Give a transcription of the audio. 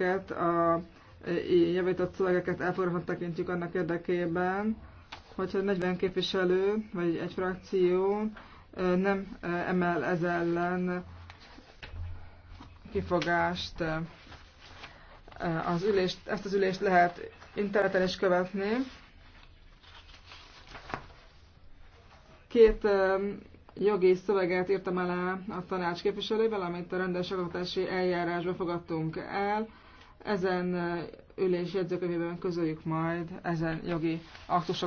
ezeket a e, javított szövegeket elfogadva tekintjük annak érdekében, hogyha 40 képviselő vagy egy frakció e, nem e, emel ez ellen kifogást. Az ülést, ezt az ülést lehet interneten is követni. Két jogi szöveget írtam alá a tanács képviselővel, amit a rendes eljárásba fogadtunk el. Ezen ülés jegyzőkönyvében közöljük majd ezen jogi aktusok